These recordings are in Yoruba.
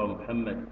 محمد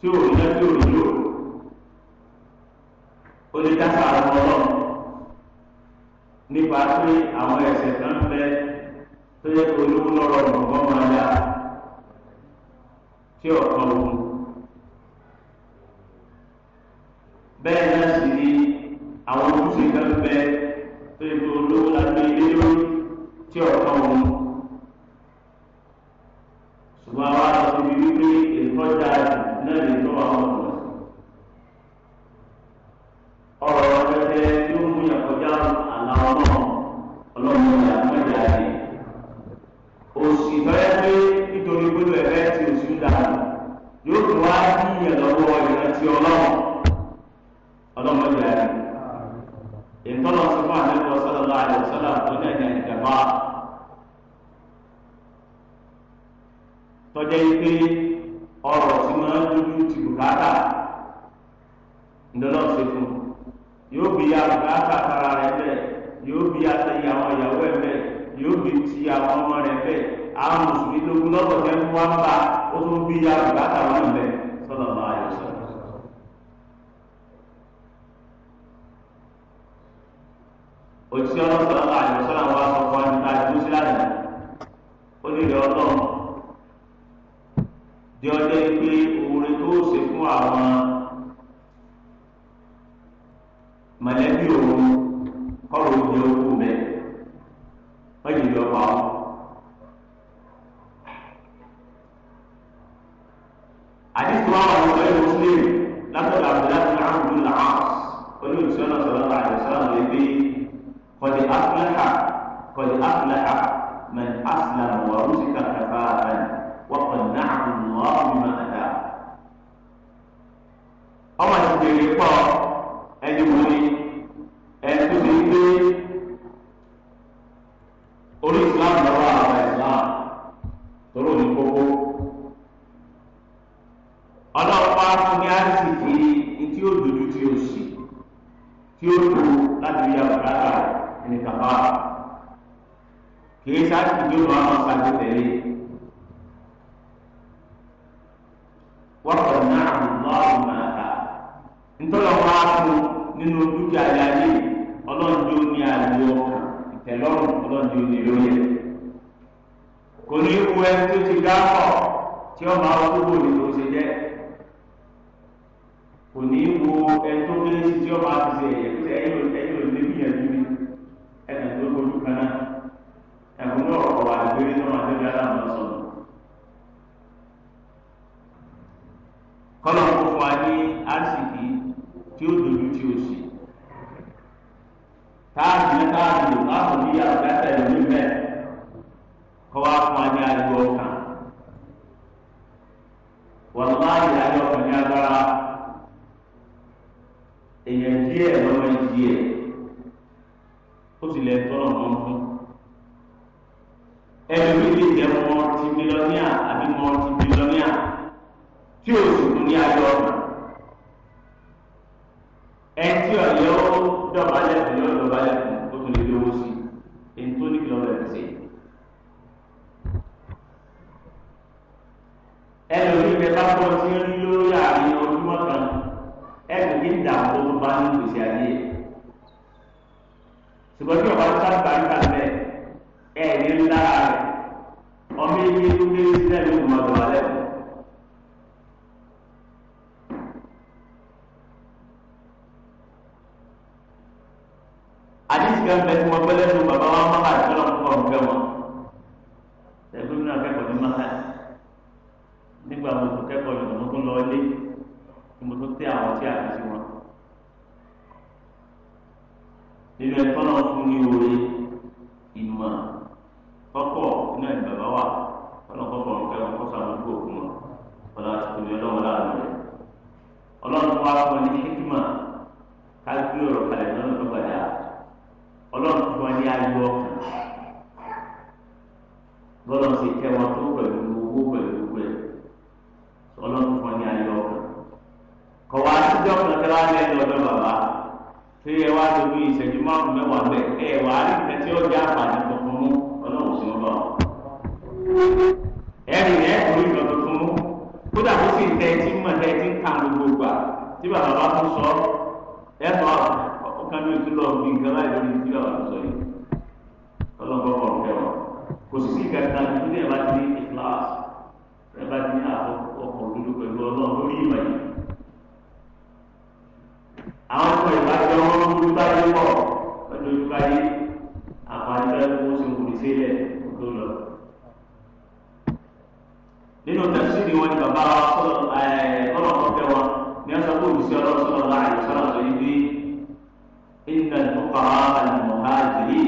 tí ò ní lọ tí ò ní lò ó lè dá sáà lọ lọ nípa pé àwọn ẹsẹ̀ kan bẹ tó olówó lọ́rọ̀ nǹkan máa yá tí ọ̀kan òun. léèrè látọ̀dọ̀ abdullahi bin abdullahi olú ìṣọ́nà sọ̀rọ̀ bá àjọ sọ̀rọ̀ lè gbé kọ̀dé afúláhà kọ̀dé afúláhà mẹ́ asìlámù wà rúṣìkà ó sì lẹ̀ tọ́lọ̀ wọn fún ẹni tó lè jẹ́ mọ́ ti mílíọ̀nìà àbí mọ́ ti mílíọ̀nìà tí o sì kún ní ayọ̀ ọ̀gbà. àwọn sọ ẹ̀tọ́ ọkàn ní ìtúlọ bí nǹkan láì lórí tí àwọn sọ yìí ọlọpàá pọ kẹwàá kò sí kẹta nílé ẹ bá ti ní ìfúláwàsì ẹ bá ti ní ọkọ dúdú pẹ̀lú Ọlọ́run lórí ìmọ̀ yìí àwọn ọmọ ìbájọ wọn lójú báyé pọ lójú báyé àwọn àjẹkù wọn sì ń wùdí sílẹ̀ tó lọ. nínú tẹ̀síìdì ni bàbá wa sọ̀rọ̀ ẹ̀ẹ́. ìyẹn sọ fún òṣìṣẹ́ ọlọ́sọ̀rọ̀ láàyè sọ̀rọ̀ tó yí pé ìnà ìfọkàrà àlùmọ̀háàjì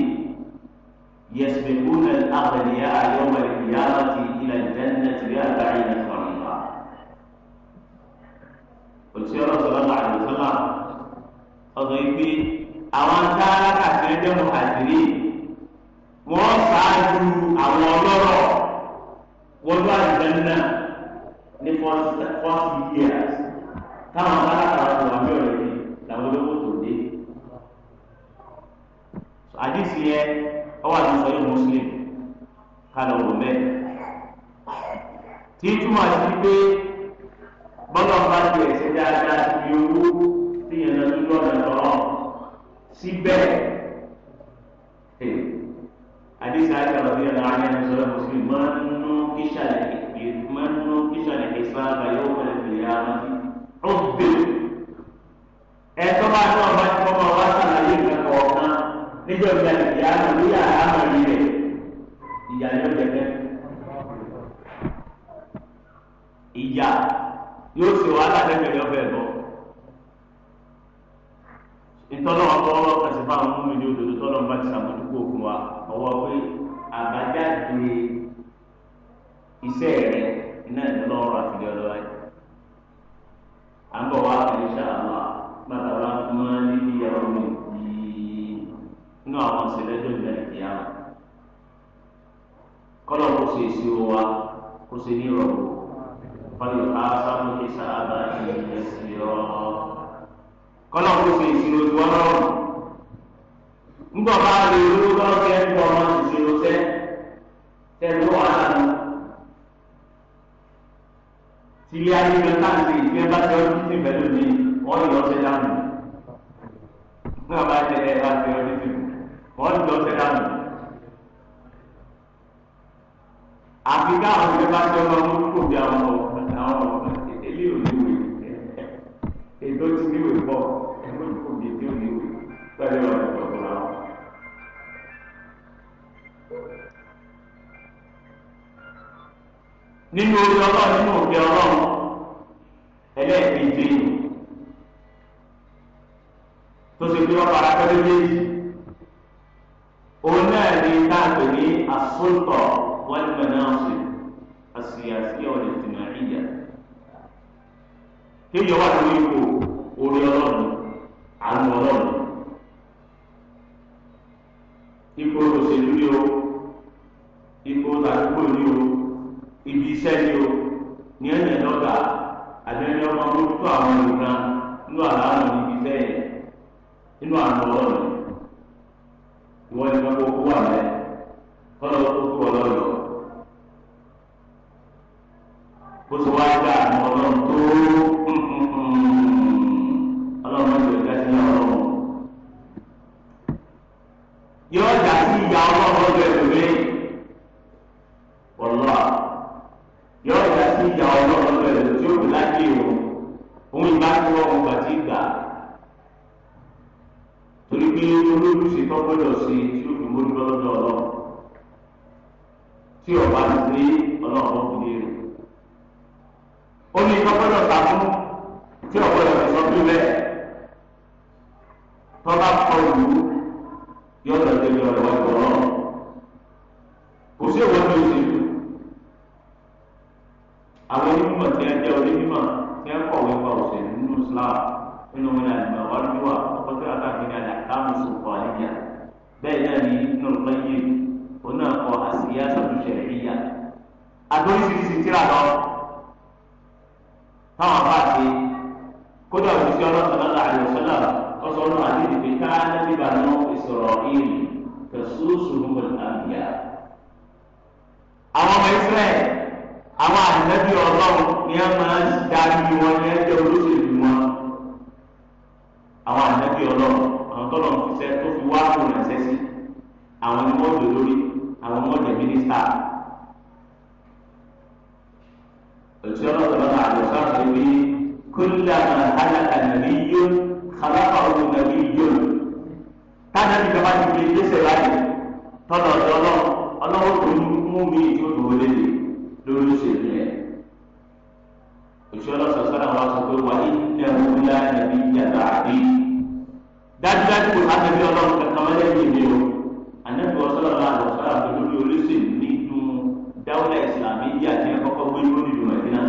يسبقون الأغنياء يوم القيامة إلى الجنة بأربعين فريقا. òṣìṣẹ́ ọlọ́sọ̀rọ̀ láàyè sọ̀rọ̀ ọ̀dọ̀ yí pé àwọn sáárà kàṣẹ́jẹ́ mọ̀háàjì wọ́n ṣáájú àwọn ọlọ́rọ̀ wọ́n lọ àjẹ́ náà ní forty years. táwọn bá lápapọ̀ wà ní ọ̀rẹ́ yìí làwọn olówó tó dé. àdìsí yẹn ọwọ́ àti sọ yóò muslim kálọ̀ wò mẹ́. tí túmọ̀ sí pé bọ́lá ọba ti ẹ̀sẹ̀ dáadáa ti owó tí yẹn lọ sí lọ́nà lọ́rọ̀ síbẹ̀ àdìsí àti ọ̀rọ̀ bí ọ̀nà àyẹ̀ ń sọ̀rọ̀ muslim máa ń nú kíṣàlẹ̀ ìsáàbà yóò wọlé ìyá àmàtí ọ̀gbẹ́ ẹ̀tọ́ bá ní ọba tí wọ́n máa wá sàlàyé ìgbàgbọ́ ọ̀kan níjọ́ ìgbà ìyá lórí àhámà rí rẹ̀ ìyá yóò gẹ́gẹ́ ìyá yóò ṣe wàhálà lẹ́gbẹ̀ẹ́ lọ́fẹ̀ẹ́ bọ̀ ìtọ́nà ọkọ̀ ọlọ́kàn sí fáwọn ọmọ mi ní òdòdó tọ́lọ́ bá ti sàmójúkú òkun wa ọwọ́ pé àbájáde iṣẹ́ rẹ̀ iná ìdánlọ́rọ̀ àfihàn lọ́wọ́ yìí àbọ̀ wá fi ṣe àwọn bàtà wa máa ní ìyàwó mi nínú àwọn ìṣẹ̀lẹ̀jọ́ ìgbà ìyá kọ́lọ̀ kó ṣe ìṣirò wa kó ṣe ní ìrọ̀rùn fọlẹ̀ ká sábà kí sábà ìyẹn sí ọ. kọ́lọ̀ kó ṣe ìṣirò tí wọ́n rọrùn ńgbọ̀n bá lè lówó lọ́sẹ̀ ń bọ̀ ọmọ ìṣirò sẹ́ tẹ̀lé wàhálà ní tílé ayélujára táǹsì ìgbẹ́ bá ti ọdún sí ìbẹ̀lú mi wọ́n yọ ọ́sẹ̀ dànù náà bá jẹ ẹ bá ti ọdún sí wọ́n yọ ọ́sẹ̀ dànù. àfi káwọn ìgbẹ́ bá ti ọdún ọdún kò bí àwọn àwọn ilé òníwè ètò ìsìnwé pọ̀ ẹ̀mú ìkòbí ètò ìwé pẹ̀lú ọ̀dọ́. nínú orí ọlọ́run nínú òfin ọlọ́run ẹlẹ́ẹ̀kejì tó ṣe pé ọba akẹ́lẹ́ méjì òun náà ní káàpẹ̀ ní asọ́tọ̀ wọn ní mẹ́nàṣì àṣìyàṣì ọ̀nà ìtìmọ̀ríyà kéèyàn wà lórí ipò orí ọlọ́run àánú ọlọ́run ipò òṣèlú ni o ipò tàbí kò ní o ibi iṣẹ́ ni o ní ẹ̀yẹ̀ lọ́gà àjẹyẹ ọmọ orúkọ àwọn nǹkan inú àlàáfíà ní ibi iṣẹ́ yẹn inú àná ọlọ́run ìwọ ni wọn kó kó wà lẹ kọ́nà tó kó ọlọ́run kó sọ wá gbà. àwọn ni wọ́n dò lórí àwọn ni wọ́n jẹ́ mínísítà. òṣìṣẹ́ ọlọ́run lọ́la àjọṣà ṣe bí kúlíà máa hálàkà nàbí yó kálápà òun nàbí yó. táyà ní ìjọba ti fi ìgbésẹ̀ láti tọ́lọ̀ ọ̀dọ́ ọlọ́run ọlọ́run tó mú mi ìjọ òdòwò lédè lórí ìṣèlú yẹn. òṣìṣẹ́ ọlọ́run sọ̀rọ̀ wa sọ pé wà ní ilẹ̀ òun láyà nàbí yàtọ̀ àbí dájúdájú kò sáfẹ́ bí ọlọ́run kankan mọ́lẹ́ anabi ọsọlọ náà lọ sọlá pẹ̀lú ní olóṣèlú nínú dáwọlá ìsìlámì yìí àti ẹkọkọ gbé ní onídùú mẹdínà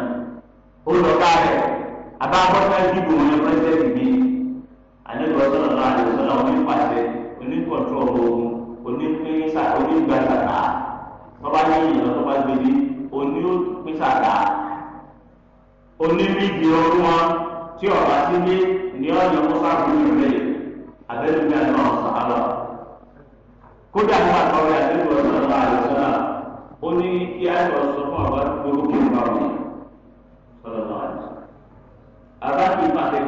ó lọ káàrẹ abáfọlá dìbò wọn pẹsẹtì mi anabi ọsọlọ náà lọ sọlá wọn pàṣẹ oníkọtọ ogun onípínsà onígbàsàkà tọba ní ìyànà tọba gbélé onípínsàkà onímìdì ọdún wọn tí ọba sílé ní ọdún mọsàkùnrin rẹ abẹnugan náà sàlọ kódà nípa àkọọ́rẹ́ àdébò ọ̀sán náà àlùsọ́nà ó ní kí á lọ sọ fún àbá gbogbo kí n bá wù sọ̀rọ̀ náà àlùsọ́nà. àbá ti pàṣẹ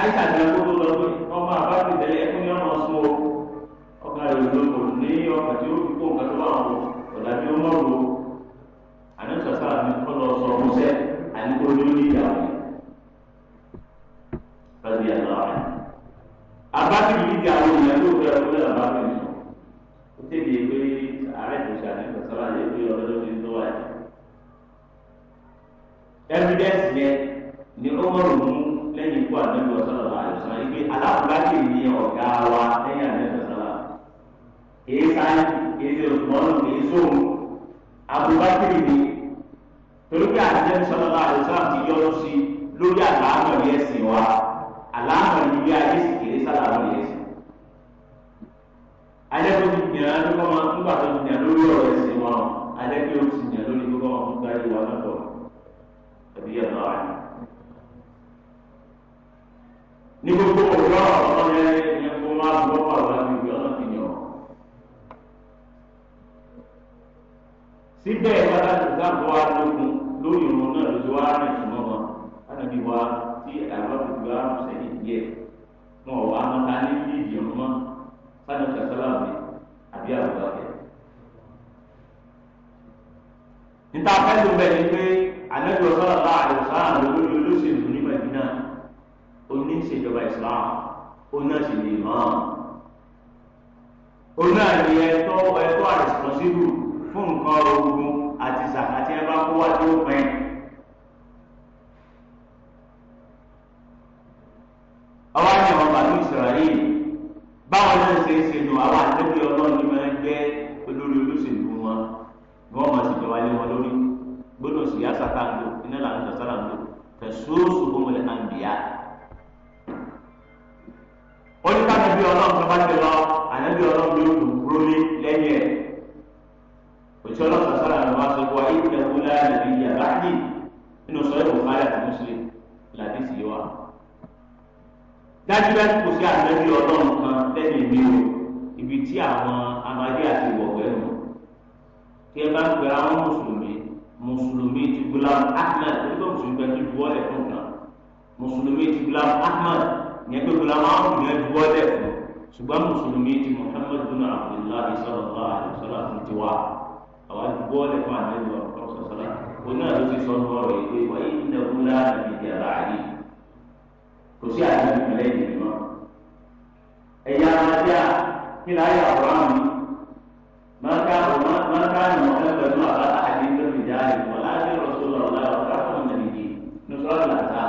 àìsà ní agogo lọ pé ọmọ àbá ti tẹ̀lé ẹkún ní ọmọ sún o ọkà rẹ̀ ló kò ní ọkà tí ó fi kó nǹkan tó bá wù ọ̀dà tí ó mọ̀rù o àní sọ̀sọ́ àmì kọ́ lọ sọ ọmọ sẹ́ àní kó ní ó ní ìyàwó bá ti yàtọ̀ àbá ti yìí ti àwọn ìyàwó fẹ́ ọdún lẹ́ débi ìwé ààrẹ ìgbésà ní ìgbàsọ́lá lè gbé ọlọ́dún ní lọ́wọ́ ẹ̀. evidence yẹn ni ó mọ̀rọ̀ mú lẹ́yìn ikú àdébí ọ̀sán ọ̀la àìsàn ìgbé aláfúrágì ní ọ̀gá wa lẹ́yìn àdébí ọ̀sán ọ̀la. kìí sáyé kìí ṣe òṣùmọ́nù kìí sóhun abubakiri ni torí pé àdébí ọ̀sán ọ̀la àìsàn ti yọ lọ sí lórí àlàáfọ̀ yẹn sì wá àlàáfọ̀ yìí bí ayé sì kìí sálà lórí ẹ̀ adẹ́kọ̀ọ́ ti gbìyànjú adúgbò máa ń gbà tó gbìyànjú lórí ọ̀rọ̀ ẹ̀sìn wọn adẹ́kọ̀ọ́ ti gbìyànjú lórí gbogbo wọn fún gbáyé wọn lọ́dọ̀ ẹ̀bí ẹ̀tọ́ rẹ̀. ní gbogbo òwúrọ̀ ọ̀sán yẹn yẹn kó máa bọ́ pàrọ̀ láti ibi ọ̀nà ti yàn. síbẹ̀ ìwádà ti sábọ̀ adókun lórí ìrùn náà lójú wa rìn ìmọ̀ wọn láti wá tí àwọn ìgbà sẹ́yìn díẹ̀ wọn ò wá mọ́ta ní ìdí ìdí ọmọ sani sasalaam ni àbí àbúrò níta fẹ́ẹ́ bẹ́ẹ̀ ni pé anabi ọ̀sọ́lọ́lá àdìsán olórí olóṣèlú ní Madina oníṣèjọba Islam onáṣèlú imam onáàlì ẹ̀tọ́ ẹ̀tọ́ àrẹ̀sìpọ̀síbù fún nǹkan ogun àti sàkàtì ẹ̀ bá kó wá tó pẹ́. ọwọ́ ni ọba ní Israẹli báwọn náà ṣe ń ṣe nù àwọn àtẹ́bí ọlọ́run ni máa ń jẹ́ olórí olóṣèlú wọn bí wọ́n máa sì jọ wáyé wọn lórí gbọ́dọ̀ sí yásà tá à ń lò iná làwọn ìjọ sára ń lò tẹ̀sóòsù kó mọ̀lẹ́ náà ń bìyà. oníkàtàbí ọlọ́run tó bá ti lọ àtẹ́bí ọlọ́run ló dùn kúrò ní lẹ́yìn ẹ̀ òṣìṣẹ́ ọlọ́run sára ni wọ́n sọ pé ayé ìjẹun láàrin ìyàrá yìí nínú sọ́yìn dájúdájú kò sí àtẹ́bí ọlọ́run kan tẹ́lẹ̀ mi o ibi tí àwọn amadé àti wọ̀wẹ́ mu kí ẹ bá ń pè àwọn mùsùlùmí mùsùlùmí ti Ghulam Ahmed nígbà mùsùlùmí bẹ́ẹ̀ tó ju ọ́lẹ̀ fún kan mùsùlùmí ti Ghulam Ahmed ìyẹn tó Ghulam Ahmed yẹn ju ọ́lẹ̀ fún ṣùgbọ́n mùsùlùmí ti Muhammad bin Abdullahi sallallahu alaihi wasallam ti wá àwọn ju ọ́lẹ̀ fún àlejò ọ̀sán sọ́lá oní àlọ́ ti sọ́nù ọ̀rọ̀ yìí pé wáyé ìdàgbọ́lá àti ìjàrá kò sí àti ìpínlẹ̀ lẹ́yìn ìmọ̀ ẹ̀yà àmàdíà kí ni ayé àwòrán mi máa ká máa ká nù ọ̀rẹ́ pẹ̀lú àbá àti ìjọba ìjà rẹ̀ wọ́n láti rọ̀ sọ́lọ̀ ọ̀la ọ̀ká fún ìdàgbé nùsọ̀rọ̀ làtà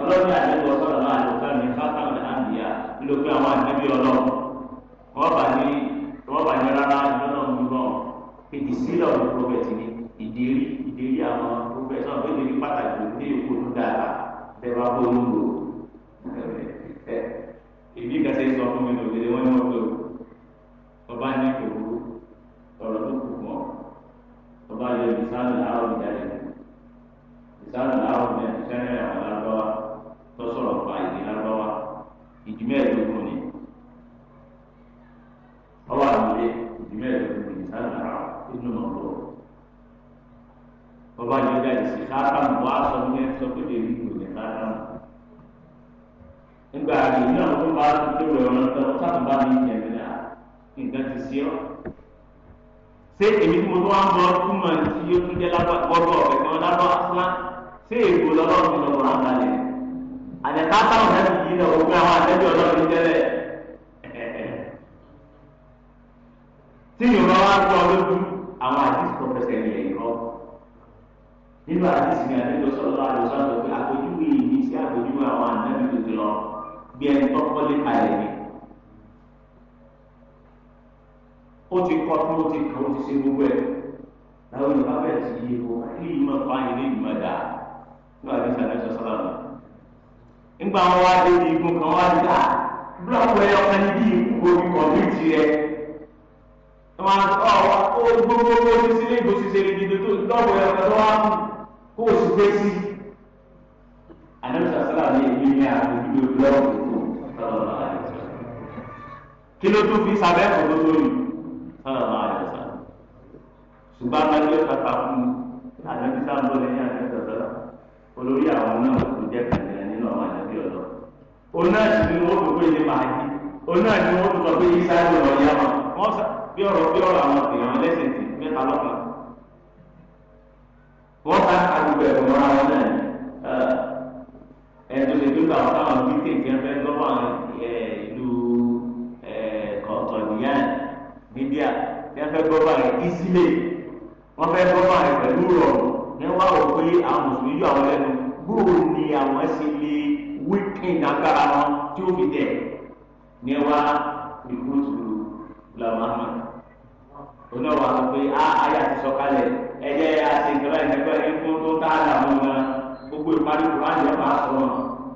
ọlọ́dún àdébọ̀ sọ̀rọ̀ náà àdókà ní fáfáwọn àmìyá nílò pé àwọn àdébí ọlọ́run wọ́n bá ní wọ́n bá ní rárá ìjọ́nà gbígbọ́n ìdí sílẹ̀ ọ̀dọ̀ prọfẹ̀tì ni ìdérí ìdérí àwọn prọfẹ̀tì náà bẹ́ẹ̀ ni pàtàkì ní èkó tó dára bẹ́ẹ̀ bá bọ́ lóńgbò ìbí kẹsẹ̀ sọ fún mi lòdì wọn ni wọn lò ọba ní òru ọ̀rọ̀ tó kù mọ́ ọba yẹ ìsánù láàrọ̀ ìjáde ìsánù láàrọ̀ ní ẹ̀sẹ̀rẹ̀ àwọn alábáwá tó sọ̀rọ̀ pa ìdí alábáwá ìdìmẹ́ ìdókòó ni ọwọ́ àlùyé ìdìmẹ́ ìdókòó ni ìsánù láàrọ̀ inú mọ̀ lọ. ọba yẹ ìjáde sí káàkà mọ́ aṣọ ní ẹ̀ sọ pé èyí kò ní káàkà nígbà èyí náà tó bá ti tó rẹ̀ ọ̀nà tó sábà bá ní ìjẹ̀ mi náà nǹkan ti sí ọ́. ṣé èmi tí mo tó wá ń bọ túmọ̀ tí yóò tún jẹ́ lọ́gbọ̀ ọ̀bẹ̀ kan lábọ̀ asúná ṣé èkó lọ́lọ́run ti lọ́gbọ̀ àgbàlẹ̀ àdẹ̀ká táwọn ẹ̀ yìí náà ó gbé àwọn àtẹ́jú ọlọ́run jẹ́lẹ̀ tí yorùbá wá ń tọ́ lójú àwọn àdìsí tó fẹsẹ̀ nílẹ̀ ìrọ́ nínú àdìsí ni àdìsí tó sọ̀rọ̀ àdìsí tó sọ̀rọ̀ pé àpèjúwe yìí sí àpèjúwe àwọn àdìsí tó ti lọ bí ẹni tó kọ́lé kalẹ̀ ni ó ti kọ́ tó ó ti kàn ó ti ṣe gbogbo ẹ̀ láwọn ìgbà bẹ́ẹ̀ ti yé o ilé ìmọ̀ fa ilé ìmọ̀ dà nígbà tí sàlẹ̀ sọ sọ́lá mi. nígbà wọn wá dé ibi igun kan wá dé à búlọ̀kù ẹyọ kan níbi ìkú omi kọ̀míìtì rẹ. wọn ọ ó gbogbo owó ní sílé ìgbòsí ṣe lè tó lọ́wọ́ ẹyọ kan wá kó o sì gbé sí. àdéhùn sàlẹ̀ mi ní àgbègbè lọ́wọ́ kí ló tún fi sábẹ́ ẹ̀kọ́ tó lórí sọ̀rọ̀ máa yọ sá ṣùgbọ́n adájọ́ kàkà fún àdébí sáńbó lẹ́yìn àdébí sọ̀rọ̀ olórí àwọn náà kò jẹ́ kàdé nínú àwọn àdébí ọ̀dọ́ òun náà sì ni wọ́n tó gbé ní màá yí òun náà ni wọ́n tó sọ pé yí sáré ọ̀rọ̀ yá wọn wọ́n sá bí ọ̀rọ̀ bí ọ̀rọ̀ àwọn èèyàn ẹlẹ́sìn tì mẹ́ta lọ́kàn wọ́n sá àdúgbò ẹ̀kọ́ mọ́ra wọn náà ẹni tó lè gbégbá àwọn táwọn ọdún kéèké ń fẹ́ lọ́wọ́ ìlú kọ̀ọ̀kan mídíà tí wọ́n fẹ́ gbọ́bà rẹ̀ ìsílẹ̀ wọ́n fẹ́ gbọ́bà rẹ̀ pẹ̀lú rọrùn ní wọ́n wò pé àwọn mùsùlùmí yọ àwọn lẹ́nu gbòòrò ni àwọn ṣe lè wíkìn agbára wọn tí ó fi tẹ̀ ní wá rìkúrútù làmàmà onáwó àwọn pé ayé àti sọ̀kalẹ̀ ẹ̀jẹ̀ àti ìgbàlá ìgbàlá ẹ̀kọ́ tó tá a dà mọ́ wọn gbogbo ìparí kùránì ẹ̀ máa sọ̀rọ̀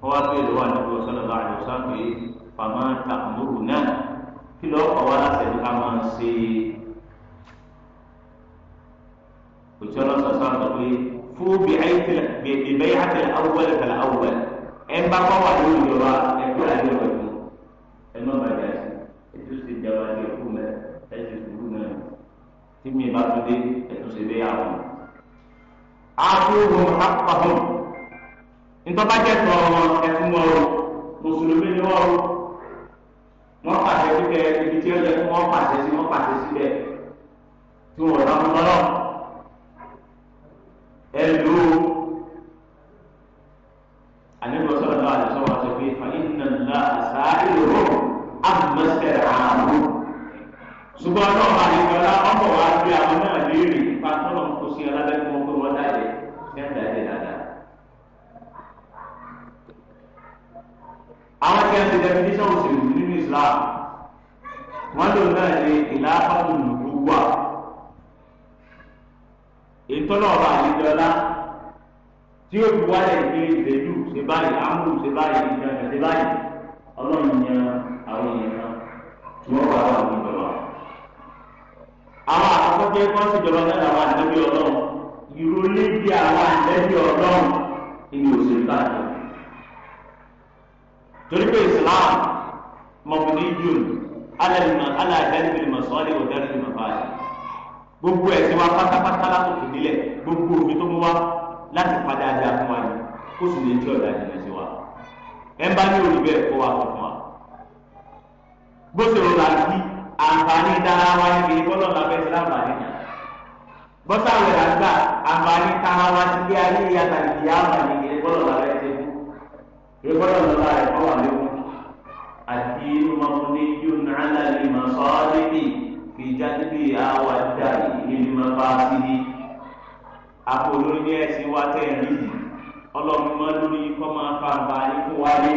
wọ́n wá bèèrè wà níbi ọ̀sánàbà àdìsánù yìí fàmà tàkùnúrù náà kí lọ́ọ́ kọ̀ wá láti ẹ̀dí ká máa ń ṣe é. òtí ọlọ́sọ̀ sọ àtọ̀ pé fún bìbẹ́ àti àwùwẹ̀lẹ̀ kàlà àwùwẹ̀lẹ̀ ẹ̀ ń bá wà wà lórí ìjọba ẹ̀kú àlẹ́ rẹ̀ fún ẹ̀ náà bàjẹ́ ètò ìṣe ìjọba ní ẹ̀kú mẹ́ ẹ̀sì ìṣòro náà tí mi bá tún dé ètò ìṣe bẹ́ẹ̀ àwọn. àbúrò àpapọ̀ ntọ́ba jẹ́ tọ́ wọn ẹ̀fún wọn o mùsùlùmí ni wọn o wọn pàṣẹ síbẹ̀ ibi tí ó yẹ kí wọ́n pàṣẹ sí wọ́n pàṣẹ síbẹ̀ tí wọn ò lọ́mọ lọ́wọ́. ṣe báyìí amúlù ṣe báyìí ìjọba ṣe báyìí ọlọ́run yan àwọn èèyàn tí wọ́n wà láwọn ìjọba. àwọn àkọ́kọ́ jẹ́ kó ṣèjọba náà làwọn àdébí ọlọ́run ìrólé bí àwọn àdébí ọlọ́run nínú òṣèlú káàkiri. torí pé Islam mọ̀kùnrin jù aláìdáníbi mọ̀sọ́lẹ̀ ọ̀dẹ́rẹ́ mọ̀fáàlì gbogbo ẹ̀sìn wa pátápátá látòkè nílẹ̀ gbogbo òbí tó mú wa láti padà dáa kó sì lè tí ọ̀dà jìnnà sí wa ẹ ń bá ní òní bẹ́ẹ̀ kó wa fún wa. bó ṣe rò láti àǹfààní dára wa níbi bọ́lọ̀ náà fẹ́ sí láǹfààní yẹn bọ́sà wẹ̀ lágbà àǹfààní tara wa ti gbé ayé yàtàlì ìyá àǹfààní yẹn bọ́lọ̀ náà fẹ́ sí ẹ bọ́lọ̀ náà rẹ̀ kọ́ wà lẹ́kùn àti mọ̀mọ́lẹ́ yóò nàá lálẹ́ mọ̀ sọ́ọ́ fi jádébí àwa dá ìlú mọ́fà sí ni àpò olórí ẹ̀sìn wa tẹ̀ ń yìí ọlọ́run mọ́ lórí kọ́ máa fa àgbà yín fún wa ní.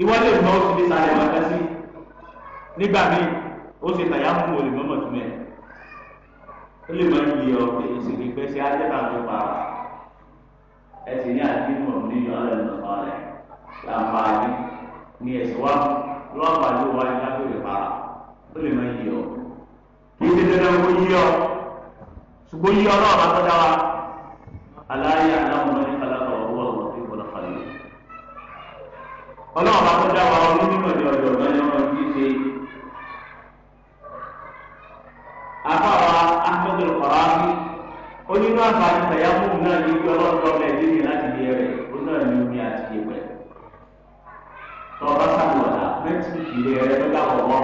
ìwọ lè mọ oṣù tí sáré máa fẹ́ sí nígbà míì ó ṣe tàyà fún olè mọ́mọ́ tún mẹ́. ó lè máa yí ọ pé ìṣèlú pé ṣe ájẹ́ta ló pa ẹ sì ní àdínú ọ̀hún nínú ọ̀rẹ́ ìlànà rẹ̀ láǹfààní ni ẹ̀sìn wa lọ́wọ́ àpàdé wa ní lábẹ́rẹ́ pa ó lè máa yí ọ. kì í ṣe dandan kó yí ọ ṣùgbọ́n yí ọ náà bá tọ́jà wa aláyé àdáhùn ọlọ́run bá kọjá wa ọdún mímọ̀ ní ọ̀dọ̀ ọ̀dọ́ ni wọ́n ti ṣe. àbáwa akọ́tọ̀lù kọ̀ọ̀rọ̀ onínú àǹfààní sàyámù náà ní ibi ọlọ́run tó bẹ̀ẹ́ dídì láti di ẹrẹ̀ ó náà ní omi àti ìwẹ̀. tọ́ọ̀bá sàlùwàlà mẹ́tì ìṣìlẹ̀ rẹ tó lákọ̀ọ́kọ́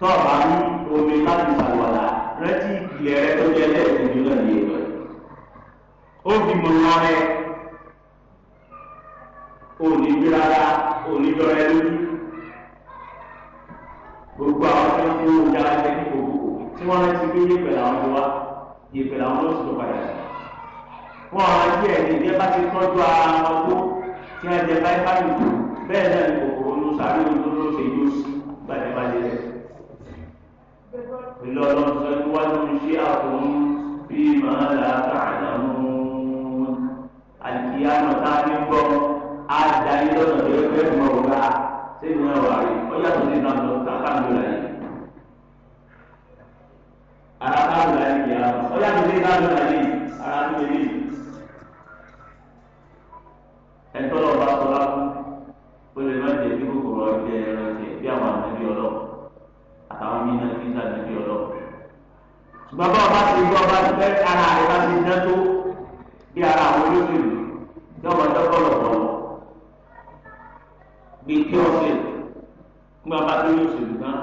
tọ́ọ̀bá ní omi láti sàlùwàlà rẹ́tì ìṣìlẹ̀ rẹ tó jẹ́ lẹ́ẹ̀kejì òní bí rárá òní lọ ẹ lójú gbogbo àwọn tó ń kó ọjà ẹgbẹ́ ní gbogbo tí wọ́n ti gbé yẹ̀pẹ̀ làwọn lọ wá yẹ̀pẹ̀ làwọn lọ sọ̀rọ̀ padà sí wọn àwọn ẹgbẹ́ ẹ̀ ní ìjẹ́ bá ti tọ́jú ara wọn tó tí wọ́n jẹ báyìí báyìí tó bẹ́ẹ̀ náà ni kòkòrò ló sáré olóró ṣe yóò sí gbàdébàdé rẹ̀ ìlọrin sọ wájú ṣé àkóhun bí màá là á kà á nà náà tá a ní gbọ́ adarí lọ́nà tó yẹ fẹ́ mọ̀ wá sínú ẹwà rẹ̀ ó yàtọ̀ sí iná lọ kàkàndó la yìí. ara kàkàndó la yìí yàrá ó yàtọ̀ sí iná lọ la yìí ara tó yẹ yìí. ẹ̀tọ́ lọ bá sọlá fún ó lè má jẹ bí kòkòrò ọjẹ ẹ̀rọ ẹ̀jẹ̀ bí àwọn àtẹ̀bí ọlọ́ àtàwọn mí náà kíkà àtẹ̀bí ọlọ́. ṣùgbọ́n bá ọba ti gbọ́ ọba ti fẹ́ ara rẹ̀ bá ti dẹ́ tó bí ara àwọn olóṣèlú yọ̀wọ̀ dọ́kọ̀lọ̀ bíi kí ọ̀sẹ̀ fún bàbá tó yóò ṣèlú tán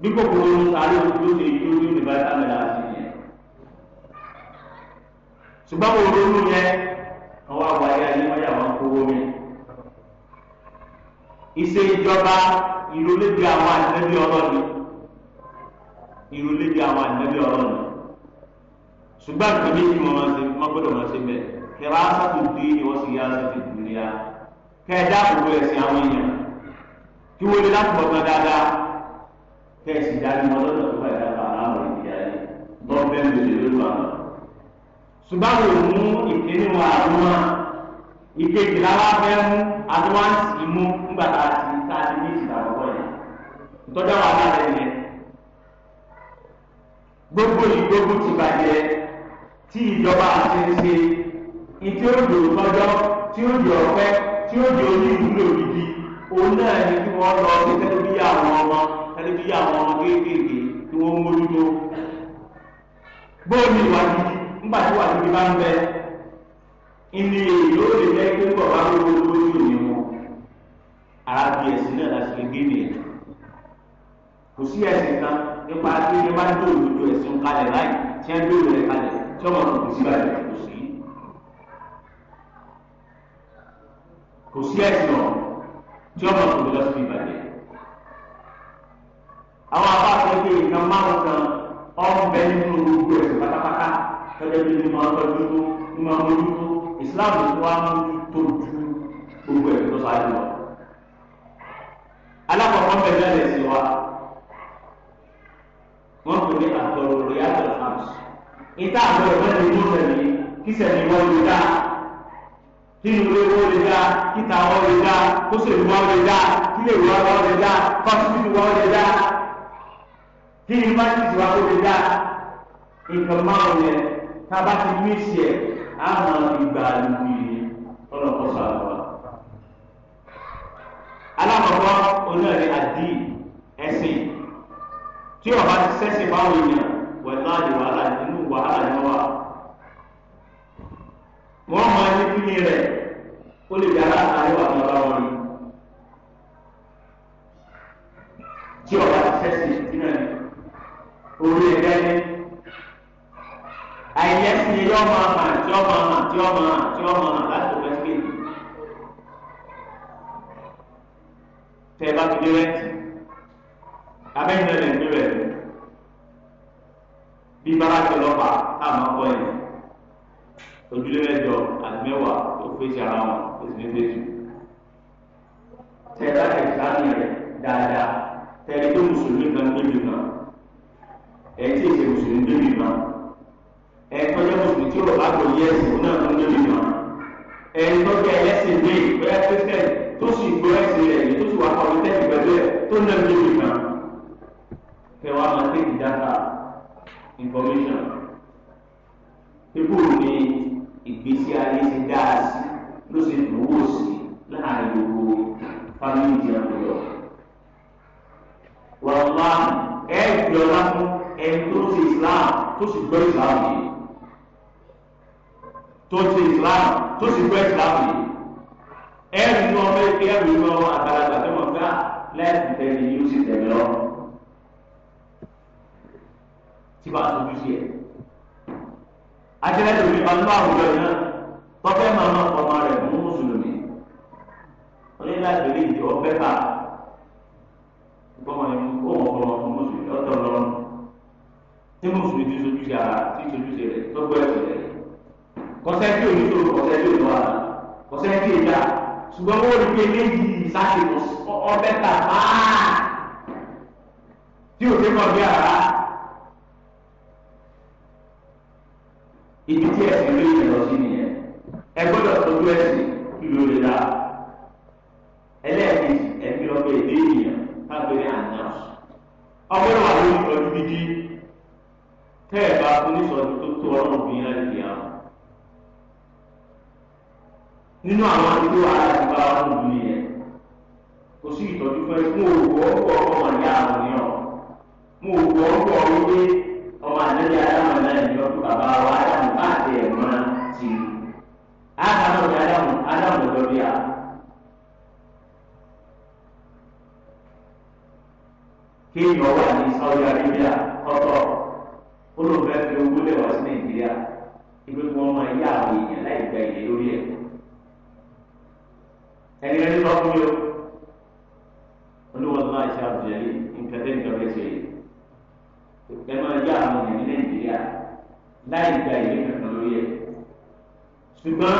bí kòkòrò ló sáré ojú ló ṣe yíyó ní ìdìbò ìsàmìlà àti ìyẹn ṣùgbọ́n mo ronú yẹn àwọn àwàyé ayé wọ́n yà wọ́n kówó mi ìṣe ìjọba ìrólébí àwọn àdínẹ́bí ọlọ́ọ̀ni ìrólébí àwọn àdínẹ́bí ọlọ́ọ̀ni ṣùgbọ́n àgbẹ̀mí tí mo máa ṣe mo gbọ́dọ̀ máa ṣe bẹ́ẹ̀ kẹrẹ́ àṣà tó dé ni wọ́n sì yá àṣà tó dùn ní ya. kẹ ẹ dáàbòbò ẹ̀sìn àwọn èèyàn kí wọ́n lè láti bọ̀tán dáadáa kẹ ẹ wọn lọ́dọ̀ tó bá ìdáàbò aláwọ̀ ìdíyà yìí lọ́ọ́ bẹ́ẹ̀ lè lè lọ́wọ́ ṣùgbọ́n àwọn òmù ìkíní wọn ìkejì mú àdúrà mú nígbà tá a ti gbogbo ìgbógun ti bàjẹ́ tí ìjọba àti ṣe tọ́jọ́ tí ó di ojú ìwúlò gidi òun náà ni kí wọ́n lọ sí tẹlifíyà àwọn ọmọ tẹlifíyà àwọn ọmọ kéékèèké tí wọ́n mójútó bóòlù ìwádìí nígbà tí wàá bá ń bẹ ìní èyí ó lè pé bá lówó lórí òní wọn náà láti lè gé nìyẹn kò sí kan nípa tí kò sí ẹ̀sìn ọ̀ tí ọmọ tòun lọ sí ìbàjẹ́. àwọn àbá sọ pé nǹkan márùn kan ọ̀nbẹ nínú gbogbo ẹ̀sìn pátápátá tọ́jú bí mímọ ọtọ́jú tó mímọ mójú tó Islam tó wá mójú tó ju gbogbo ẹ̀sìn tó sáájú lọ. alákọ̀ọ́kọ́ bẹ̀rẹ̀ lẹ́lẹ̀ sí wa wọ́n pè ní àtọ̀rọ̀ rẹ̀ yàtọ̀ hams. ìta àgbẹ̀ ọ̀gbẹ́ni ló sẹ̀mí kí sẹ̀mí wọ́n lè dáa nínú ilé owó lè dá kíta wọn lè dá kóṣèlú wọn lè dá kílè wọn wọn lè dá fásitì wọn lè dá kíni fásitì wọn lè dá nǹkan márùn yẹn tába ti mí sí ẹ àwọn ìgbà lùbí ọlọ́kọ̀ọ́sọ àgbà. alákọ̀ọ́kọ́ onílẹ̀ àdí ẹ̀sìn tí ọba ti sẹ́sìn báwọn èèyàn wẹ̀ náà di wàhálà nínú wàhálà yẹn wà. wọ́n máa ní kíni rẹ̀ ó lè bí aláàbáyé wà ní ọba wọn ni. tí ọba ti sẹ́sì ìdínà ni orí ẹ̀dá máa tí máa tí máa tí máa láti sí èyí. tẹ́ ẹ bá fi dé rẹ́ǹtì abẹ́yìn náà lè ojúlé mẹ́jọ àti mẹ́wàá tó fèsì ara wọn èsì méjèèjì tẹ̀lá ẹ̀sán rẹ̀ dáadáa tẹ̀lé tó mùsùlùmí kan níbi kan ẹ̀ tí èsè mùsùlùmí níbi kan ẹ̀ tọ́jú mùsùlùmí tí ó bá kò yẹ ẹ̀sìn òun náà tó níbi kan ẹ̀ tọ́jú ẹlẹ́sìn mi bóyá kristian tó sì gbọ́ ẹ̀sìn rẹ̀ yìí tó sì wà pàmò tẹ̀sí pẹ̀lú ẹ̀ tó náà níbi kan kẹwàá máa tẹ̀sí data information. People need ìgbésí ayé ti dá a sí ló sì dùn wò sí láàrin gbogbo fámìlì ìjìnlẹ̀ lọ. wàhálà ẹ jọ lánàá ẹni tó ṣe Islam tó sì gbọ́ Islam yìí tó ṣe Islam tó sì gbọ́ Islam yìí ẹ rí wọn fẹ́ kí ẹ rí wọn àgbàlagbà tó wọn gbà ah, lẹ́sìn tẹ̀lé yóò sì tẹ̀lé lọ. tí bá tó bí sí ẹ̀ ajẹ́lẹ́dẹ̀ omi ọlọ́ àwùjọ náà tọ́fẹ́ máa ma ọmọ rẹ̀ mú mùsùlùmí onílà ìdílé ìdí ọbẹ̀ ká gbọ́mọ ẹni kó wọn kọ́ wọn fún mùsùlùmí ọ̀tọ̀ lọ́rùn tí mùsùlùmí ti sojú sí ara tí sojú sí rẹ̀ tó gbọ́ ẹ̀sìn rẹ̀ kọ́sẹ́ o òní tó o tí òní wà kọ́sẹ́ tí èdà ṣùgbọ́n wọ́n rí pé méjì ìsáṣepọ̀ ọbẹ̀ ká máa tí òṣèlú ọbẹ̀ ara. ibi tí ẹsìn ló yẹ lọ sí nìyẹn ẹ gbọ́dọ̀ tọ́jú ẹsìn ìlú rẹ dáa ẹlẹ́ẹ̀kejì ẹbí ọgbẹ ìlú ènìyàn káàkiri àná ọgbọ́dọ̀ wà lórí ọdún gidi tẹ́ ẹ bá fún nísọdún tó tó ọlọ́run fi hàn ìdí àwọn nínú àwọn àdúgbò wàhálà ti bá wọn lù nìyẹn kò sí ìtọ́jú fún ẹ fún òwò ọgbọ ọmọ ìyá àwọn ènìyàn mo òwò ọgbọ ọmọdé ọmọ àdéhùn adáwọn náà ìjọ fún bàbá wa. kéèyàn wà ní Saudi Arabia kọ́tọ̀ ó ló fẹ́ fi owó lẹ̀ wá sí Nàìjíríà ibi tí wọ́n máa yá àwọn èèyàn láì gba èyí lórí ẹ̀. ẹni ẹni lọ fún mi o olúwọ́n máa ṣe àbùjẹ́lé nǹkan tẹ́ nǹkan fẹ́ ṣe ẹ máa yá àwọn èèyàn ní Nàìjíríà láì gba èyí kankan lórí ẹ̀. ṣùgbọ́n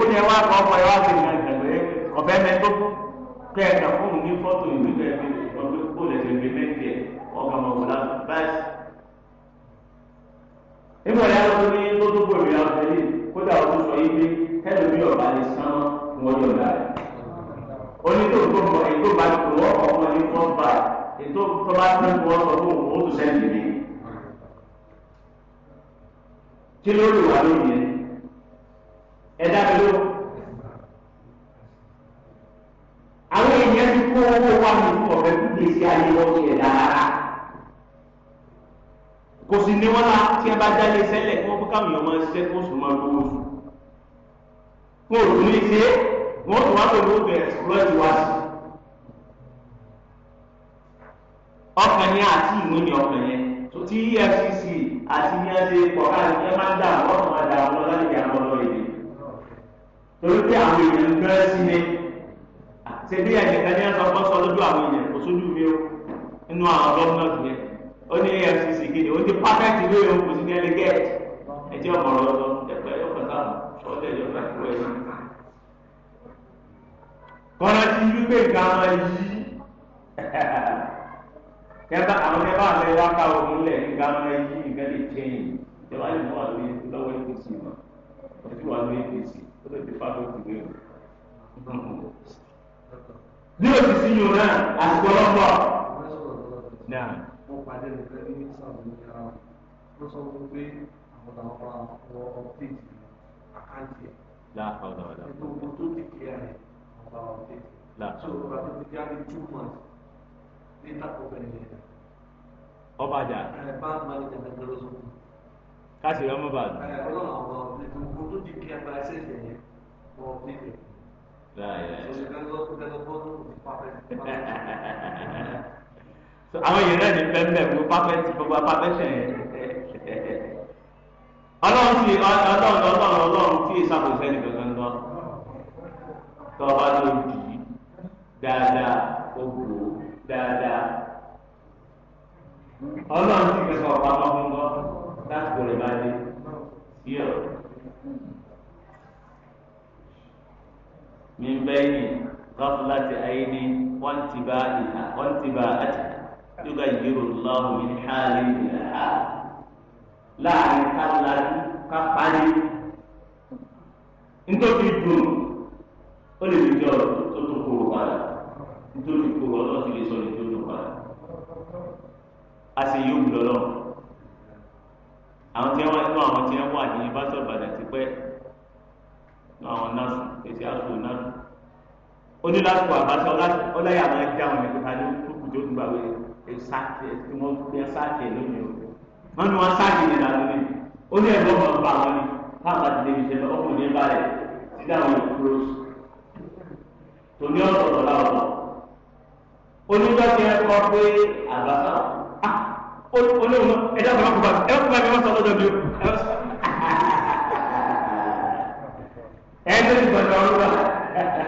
kó ní ẹ wá kọ ọkọ ẹ wá sí ìrìn àjò ẹ ọbẹ mẹtọ kẹ ẹ kà fóònù ní fọ́tò ìlú bẹ́ẹ̀ fi ọdún kó lè ṣe gbé mẹtì ẹ ọgbà mọwòlá báyìí. nígbà yà ló ní tó tó bò ìrìn àjò yìí kódà ó tó sọ yìí pé kẹlẹ bí ọba lè sán fún ọjọ́ ọ̀la rẹ. onítò mọ ètò bá tó wọ ọmọ ní wọn ètò tó bá tó wọn sọ fún òun sẹ́yìn ní. kí ló lè wà lóyìn tí wọn bá dálé sẹlẹ kí wọn bó káwọn èèyàn máa ṣiṣẹ́ kó sùn máa gbowó sùn wọn ò tún lè ṣe wọn tún wá pé wọn bẹ̀rẹ̀ sùúrọ ti wá sí. ọkàn ní àti ìwé ni ọkàn yẹn tó ti EFCC àti ní ẹ ṣe pọ̀ káàdì ẹ máa ń dà wọn kàn máa dà wọn lálẹ́ ìyá wọn lọ èdè torí pé àwọn èèyàn ń bẹ̀rẹ̀ sí ni ṣe bí ẹnìkan ní ẹ sọ fọ́ sọ lójú àwọn èèyàn kò sójú mi ó nínú àwọn gọ́ọ̀mù náà ó ní efcc gidi ó ní pákẹ́tì ló yọ kò sí ní ẹlẹgẹ́ẹ̀tì ẹjẹ́ ọ̀mọ̀rọ̀ ọ̀dọ́ ẹgbẹ́ yóò kọ́ sáà ọ̀dẹ́ yóò bá ìwé yìí. kọ́nà ti yí pé nǹkan máa yí kẹta àwọn ẹgbẹ́ àwọn ẹgbẹ́ wákà òun lẹ̀ nǹkan máa yí nǹkan lè jẹyìn ìjọba yìí mú àwọn ẹgbẹ́ lọ́wọ́ apc mọ́ ojú wa ló apc ó lè fi fáwọn ìwé o. ní òsì sí yòó náà àsìkò ọlọ́pàá náà pàdé nìkan ní sàmù ní ara wọn ló sọ fún pé àwọn làwọn àwọn ọ̀pẹ́ẹ̀tì àkáǹtì ẹ̀. láàpá ọ̀dà ọ̀dà. ètò ògùn tó ti kí ẹ̀ àwọn làwọn ọ̀pẹ́ẹ̀tì. láàpá ọ̀dà ọ̀dà. so ìgbà tó ti já ọbàjà káṣí ọmọ bàdàn. ọlọ́run àwọn ètò ògùn tó ti kí ẹ bá ẹsẹ̀ ìṣẹ̀ yẹn wọ ọ̀pẹ́ẹ̀tì. láyé. sọ̀rọ̀ ìgbàlódé ọ̀pẹ́ẹ̀tì àwọn èèyàn náà ní pẹ́ńpẹ́ wo pápẹ́tì gbogbo apápẹ́sẹ̀ ọlọ́run ti ọlọ́run ọlọ́run ọlọ́run tí ìsàkóso ẹni gbọ̀ngàn lọ tó ọba ló dì í dáadáa ó gbòó dáadáa ọlọ́run ti kẹsàn ọ̀pá ọmọ láti kò lè má dé sí ọ. mi bẹ́ẹ̀ ni gọ́fúlá ti ayé ni wọ́n ti bá ìhà wọ́n ti bá àti. yugayiru lọ́wọ́ mi hali ìlà láàrin kálájú kápárí nítorí dùn ó lè fi jọ tó tó o padà nítorí o ọlọ́sìn lè sọ ní tó tó padà a sì yóò wù yi àwọn tí wọ́n tó àwọn tí wọ́n wà ní yunifásitì ọ̀bàdàn ti pẹ́ náà àwọn nọ́ọ̀sì èsì àtúntò náà ó ní lásìkò àbáṣọ ọláyà máa ń jáwọn ǹjẹ́ òtún gbàgbé tí wọ́n fi sáàkì ẹ̀ lónìí o wọ́n ní wọ́n sáàkì ẹ̀ lánàá ní ó ní ẹ̀gbọ́n máa bá wọn ni káàpá ti débi ìṣẹ̀lẹ̀ ọkùnrin ní balẹ̀ sídà wọn kúrò tó ní ọ̀sọ̀rọ̀ láwùjọ onídọ́kẹ́ ẹ̀kọ́ pé àgbàsá olóòwò ẹ̀dá kan kò bá ẹ̀ kò bá wọ́n sọ lọ́jọ́ bí o ọ̀rọ̀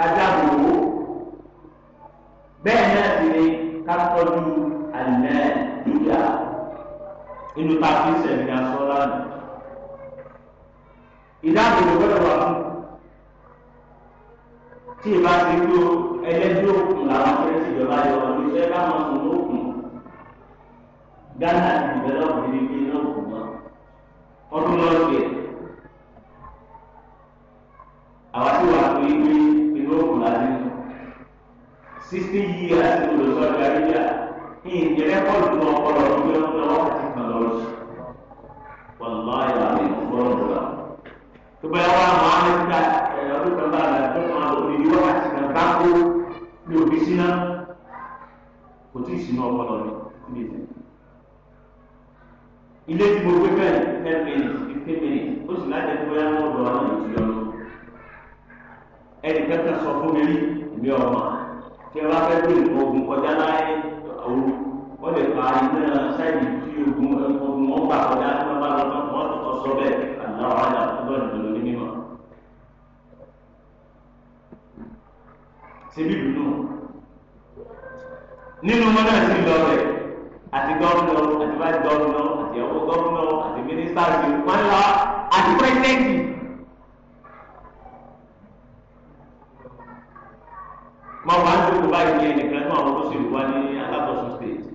kájáwó bẹ́ẹ̀ náà sì ni ká tọ́jú àlẹ́ dúkìá inú pàtí sẹ̀mí asọ́lá nù. ìdáàbòbò gbọ́dọ̀ wà fún tí ìbá ti gbó ẹlẹ́dí òkun làwọn fẹ́ẹ́ ti jọba yọ ọdún iṣẹ́ káwọn sùn lókun Ghana ti bẹ̀rẹ̀ ọ̀gbìn ní iná òkun náà ọdún lọ́sẹ̀ àwọn tí wàá tó yí pé sixty years ló lọ sọ gàdíyà ìyẹn rẹ́kọ̀dù náà kọlọ̀ ìgbé ọ̀nà wákàtí kan lọ́wọ́ sí. wàlá ìlà mi kò gbọ́dọ̀ gbà. tó bá yà wà máa ń ta ọdún kan bá àlàyé tó máa lò níbi wákàtí kan bá kó ní òbí síná kò tí ì sínú ọpọlọ mi níbi ilé tí mo gbé bẹ́ẹ̀ ten minutes fifteen minutes ó sì láti ẹgbẹ́ yá wọ́n lọ àwọn ìjìyà lọ kẹta sọ fún mi rí ìmí ọmọ tí a bá fẹ́ gbé nǹkan ogun kọjá láyé òru wọ́n lè pa iná sáyẹ̀dì tí ogun ogun wọn gbà kọjá tí wọ́n bá lọ tán wọ́n tọ̀ sọ bẹ́ẹ̀ àdáwọ̀ àdá tó bá nìkan lórí mímọ́. ṣebí dùnú nínú wọn náà sì lọ rẹ̀ àti gọ́ọ̀nà àti bá gọ́ọ̀nà àti ọ̀wọ́ gọ́ọ̀nà àti mínísítà àti wọn lọ àti pírẹ́sẹ̀ntì. máa wá ń dúró báyìí ní ẹnìkan náà àwọn olóṣèlú wa ní alábọ̀sùn state tí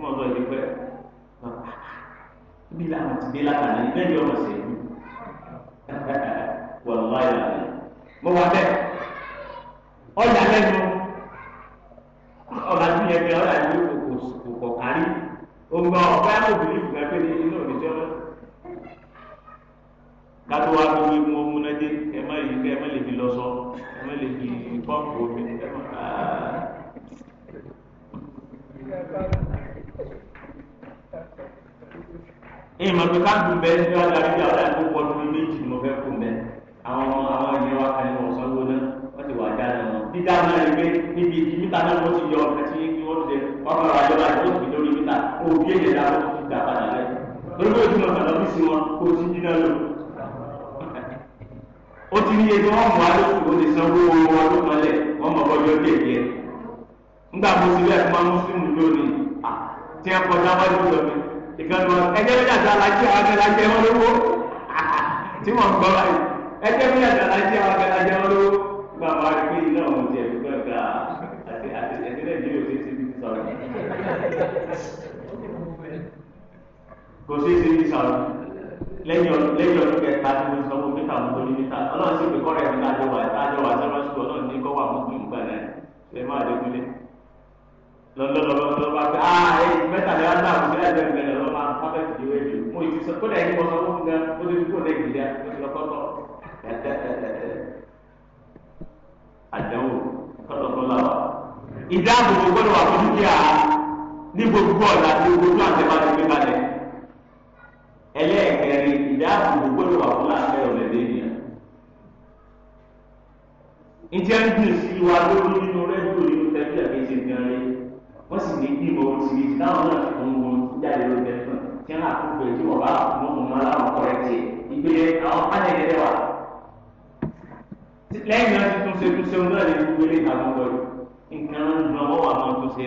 wọ́n lọ ìdí pẹ́ bí làwọn ti dé látàlẹ́ ilé ìjọ ọmọ sí ìlú wọ́n lọ́wọ́ ìlànà mo wà bẹ́ẹ̀ ọjà lẹ́nu ọ̀là tí yẹn fi ọ̀là yìí kò kárí ògbà ọ̀gá obìnrin ìgbà pé ní inú òní jọ́ kátó wa gbogbo ìmú ọmúnadé ẹ má lè fi lọ sọ ẹ má lè fi pọ́ǹpù omi. mọ̀tò káàkiri bẹ́ẹ̀ ní ọjà àríjà ọ̀dà tó pọ̀ lórí méjì ni mo fẹ́ kó mẹ́ àwọn àwọn ènìyàn wa kan ní wọ́n sanwó wọ́n ti wà á dáná wọn. dídá náà pé níbi ìdí mítà náà ti yọ tí wọ́n ti lórí mítà òbí èdè dáná ti gbà padà rẹ̀. wọn ó ti iye tí wọ́n mú sanwó ọdún ìkànnì wọn ẹjẹ mi dàda alájí àwọn akẹlẹjẹ wọn lówó tí wọn gbọ́ báyìí ẹjẹ mi dàda alájí àwọn akẹlẹjẹ wọn lówó gba àwọn arìnrìn yìí náà wọn jẹ ẹgbẹ́ ọgá àti àti ẹni nàìjíríà ti ti sọ̀rọ̀ kò sí ti sọ̀rọ̀ lẹ́yìn lẹ́yìn ọdún kẹta tí mo sọ fún mítà mo tó ní mítà Ọlọ́run sì fi kọrẹ mi lájọ wà lájọ wà sọ̀rọ̀ sùkú Ọlọ́run ní kọ fún mi nígbà náà ṣe máa dé lọ́dọ̀ lọ́dọ̀ tó bá gbé ah ẹ̀yìn mẹ́tàlẹ́ wọn náà wọ́n gbé ẹ̀jẹ̀ gbẹ̀lẹ̀ lọ́wọ́ máa fọ́ bẹ́ẹ̀ ti wéé mi mo ti sọ kódà ẹ̀yìn wọn náà wọ́n gbé ó ti kó lé ìgbìlẹ̀ ó ti lọ́kọ́ tọ́ àdánwò kọ́tọ̀kọ́lá wa. ìdáàbòbò gbọ́dọ̀ wà fún dúkìá ní gbogbo ọ̀la ní gbogbo àtẹ̀wá kíni àkókò tí wọn bá lóhùn mọ aláwọ kọrẹ tì ìgbé àwọn pánẹlì rẹ wà lẹ́yìn náà ti túnṣe túnṣe ohun náà lè gbogbo ilé ìgbàgbọ́ lọ yìí nǹkan ń dùn ọwọ́ àwọn túnṣe ẹ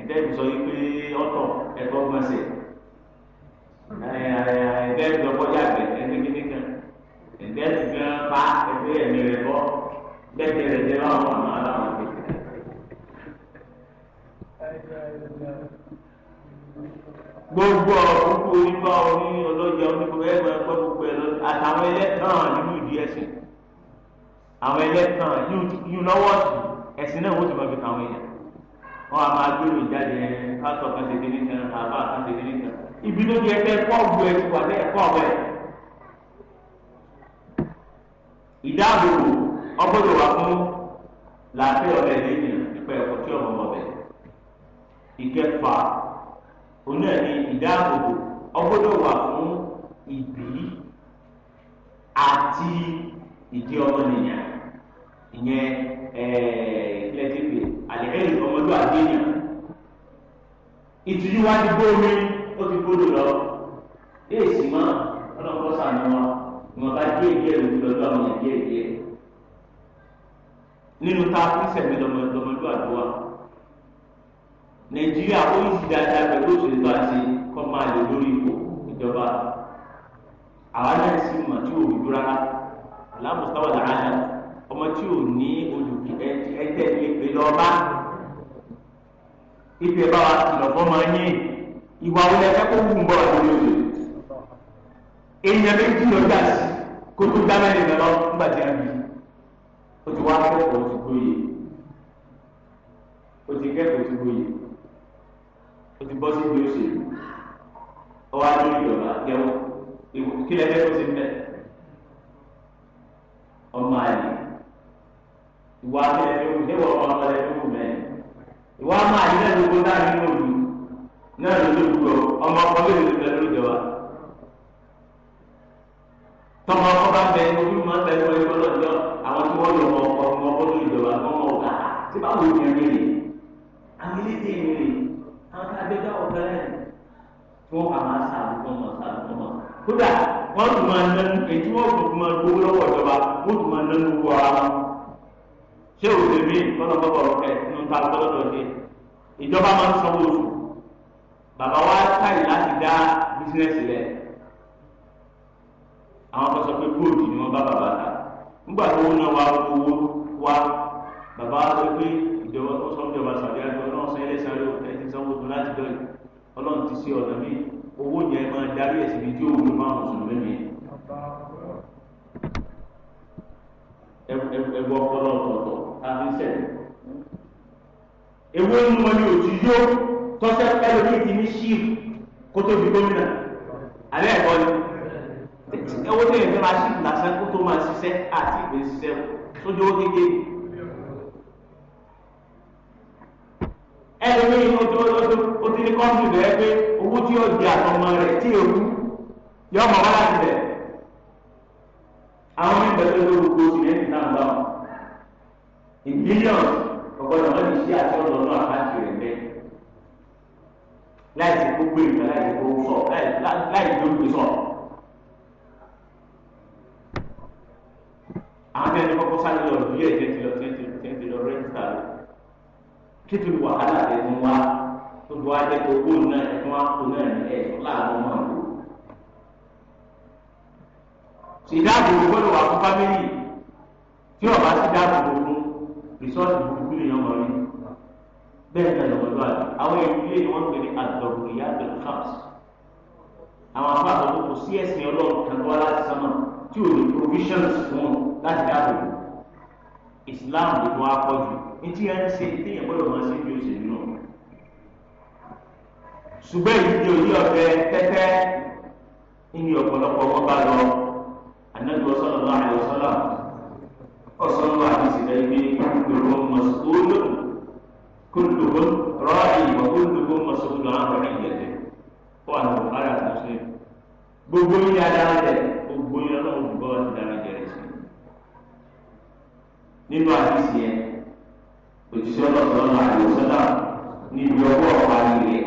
ìdẹ́bi sọ yìí pé ọ̀tọ̀ ẹ̀kọ́ gbọ̀nsẹ̀ ìdẹ́bi ọkọjá àgbẹ̀ ẹni kíní kan ìdẹ́bi gan pa ẹgbẹ́ ẹ̀mí rẹ bọ́ bẹ́ẹ̀ gbogbo ọkùnkùn onígbà oní ọlọ́jà onígbà ẹgbẹ́ ẹgbẹ́ gbogbo ẹ̀ lọ àtàwọn ẹlẹ́tàn nínú ìdí ẹ̀sìn àwọn ẹlẹ́tàn yíyún lọ́wọ́ sí ẹ̀sìn náà wọ́n ti máa fi kàwọn èèyàn wọ́n á máa gbèrò ìjáde ẹ̀ pásọ̀ kan ṣe kíní kan bàbá kan ṣe kíní kan ibi ló di ẹgbẹ́ ẹ̀kọ́ ọ̀gbọ ẹ̀sìn wà ní ẹ̀kọ́ ọ̀wẹ́ ìdáàbòbò ọgbọ́dọ̀ wà fún làáfíà ọ̀lẹ́ lẹ́yìn ìpẹ́ ẹ̀kọ́ tí ọmọ ọmọ bẹ̀ ìkẹfà òun náà ní ìdáàbòbò ọgbọ́dọ̀ wà fún ìbí àti ìdí ọmọnìyàn ìyẹn ẹ̀ẹ́dẹ́gbẹ̀ àlẹ́kẹ́lẹ́ ọmọlúwàgbé yẹn ìtìjú wa ti gbóòmí ó ti gbóòdò lọ èsì mọ́ ọlọ́pàá sànù wọn ìwọ̀nba díẹ̀ díẹ̀ ti lọ́dọ̀ àwọn èèyàn díẹ̀ díẹ̀ nínú tá a fi sẹ̀mí lọ́mọdúnwà nàìjíríà ó yìí ti dáadáa lórí ipò ìjọba àwa náà sì tí òòrùn dúró rárá aláàmùsáwà ọmọ tí ní olùkí ẹtẹ ìpè lọ́ba ìpè bá wa kìlọ̀ fọ́mọ yín ìwà wọlé ẹ̀fẹ́ kó wù bọ̀ lórí òde èèyàn méjì ló dà sí kó tó dá mẹ́rin nígbà tí a bì ti wá kẹ́kọ̀ọ́ ti gbóyè ọwọ́ adé ìjọba jẹun kí lẹ́gbẹ́ tó ti ọmọ àlè ìwà abẹ́rẹ́ tó ṣé wọ́n ọmọ ọmọdé tó kù mẹ́ ìwà ọmọ àlè náà ló kó dáhùn nínú ọkọ tọmọ ọkọ ọkọ ọkọ ni wọn kà máa sàlùkọ mọ sàlùkọ mọ kódà wọn tún máa nánú ètí wọn tún máa gbowó lọ́wọ́ ìjọba wọn tún máa nánú wọ ara wọn ṣé o lè mí kọlọ bọbọ ọkẹ nínú ta gbọdọdọ ṣe ìjọba máa ń sanwó oṣù bàbá wa táyì láti dá bísínẹsì rẹ àwọn kan sọ pé góòdì ni wọn bá bàbá ta nígbà tó wọn wá owó wá bàbá wa sọ pé ìjọba tó sọ ìjọba sàbíà tó náà sọ ẹlẹsàrẹ òkè ti sanwó oṣù láti dọ̀yìn ọlọ́run ti ṣe ọ̀nà míì owó yẹn máa darí ẹ̀ síbi tí ó wúlò máa mùsùlùmí mi. ẹgbọ́ ọpọlọ ọ̀tọ̀ọ̀tọ̀ àfi sẹ́ẹ̀. ewé ń wọlé òtí yó tọ́sẹ̀ ẹlòmíì ti ní ṣíf kó tó di gómìnà alẹ́ ẹ̀kọ́ ni ẹwọ́ tó yẹ kí wọ́n máa ṣíf lásán kó tó máa ṣiṣẹ́ àti ìgbésíṣẹ́ sójú ó kékeré. ẹlòmíì ojú ojú o ti ní kọ́ńtù bẹ́ẹ̀ pé owó tí yóò di àtọmọ rẹ̀ tí ewu yọ ọmọ wá láti bẹ̀. àwọn mí bẹ̀rẹ̀ lórí gbogbo sìmẹ́ntì náà bá wọn. mílíọ̀nù ọ̀gbọ́dọ̀ wọn ti ṣí àti ọ̀dọ̀ náà àkáǹtì rẹ̀ bẹ́ẹ̀. láì sí gbogbo ìgbà láì sí sọ láì sí gbogbo sọ. àwọn ẹni kọ́kọ́ sáré lọ bí ẹ̀jẹ̀ ti lọ sí lọ rẹ́ńtà rẹ̀ títorí wàhálà rẹ̀ mú wa gbogbo ajẹ́ gbogbo náà ẹ̀ fún wa kó náà ní ẹ̀ láàánú náà lò. ìdáàbòbò gbọ́dọ̀ wà fún fámìlì tí ọba ti dáàbòbò fún rìsọ́ọ̀tì burúkú lèèyàn mọ̀ rí bẹ́ẹ̀ náà lọ́wọ́ lọ́wọ́ àti àwọn ìdílé ni wọ́n ń pè ní àdọ̀rùkìyà bẹ̀rù house àwọn afọ àtọ́kù kò sí ẹ̀sìn ọlọ́run kan tó wá láti sánmà tí ò ní provisions fún láti dáàbòbò. Islam ló mú akọ́jú etí ẹ̀ ń ṣe téèyàn gbọ́dọ̀ máa ṣe bí o ṣe nù. ṣùgbọ́n ìdíje òní ọ̀fẹ́ tẹ́tẹ́ ní ọ̀pọ̀lọpọ̀ wọn bá lọ anájú ọ̀sán ọ̀nà àìsọ́lá ọ̀sán ọ̀nà àdìsílẹ̀ ibi gbogbo mọ̀sùlùmí kúndùkú rọ́ọ̀lì ìwọ̀ kúndùkú mọ̀sùlùmí àwọn ọ̀rẹ́ ìyẹ̀dẹ̀ wà ní ọ̀pára àtúnṣe gbogbo yín adáhàjẹ nínú àdìsí yẹn òjíṣẹ́ ọlọ́sọ̀ọ́nà àdìsọ́dà níbi ọwọ́ ọ̀pá ilẹ̀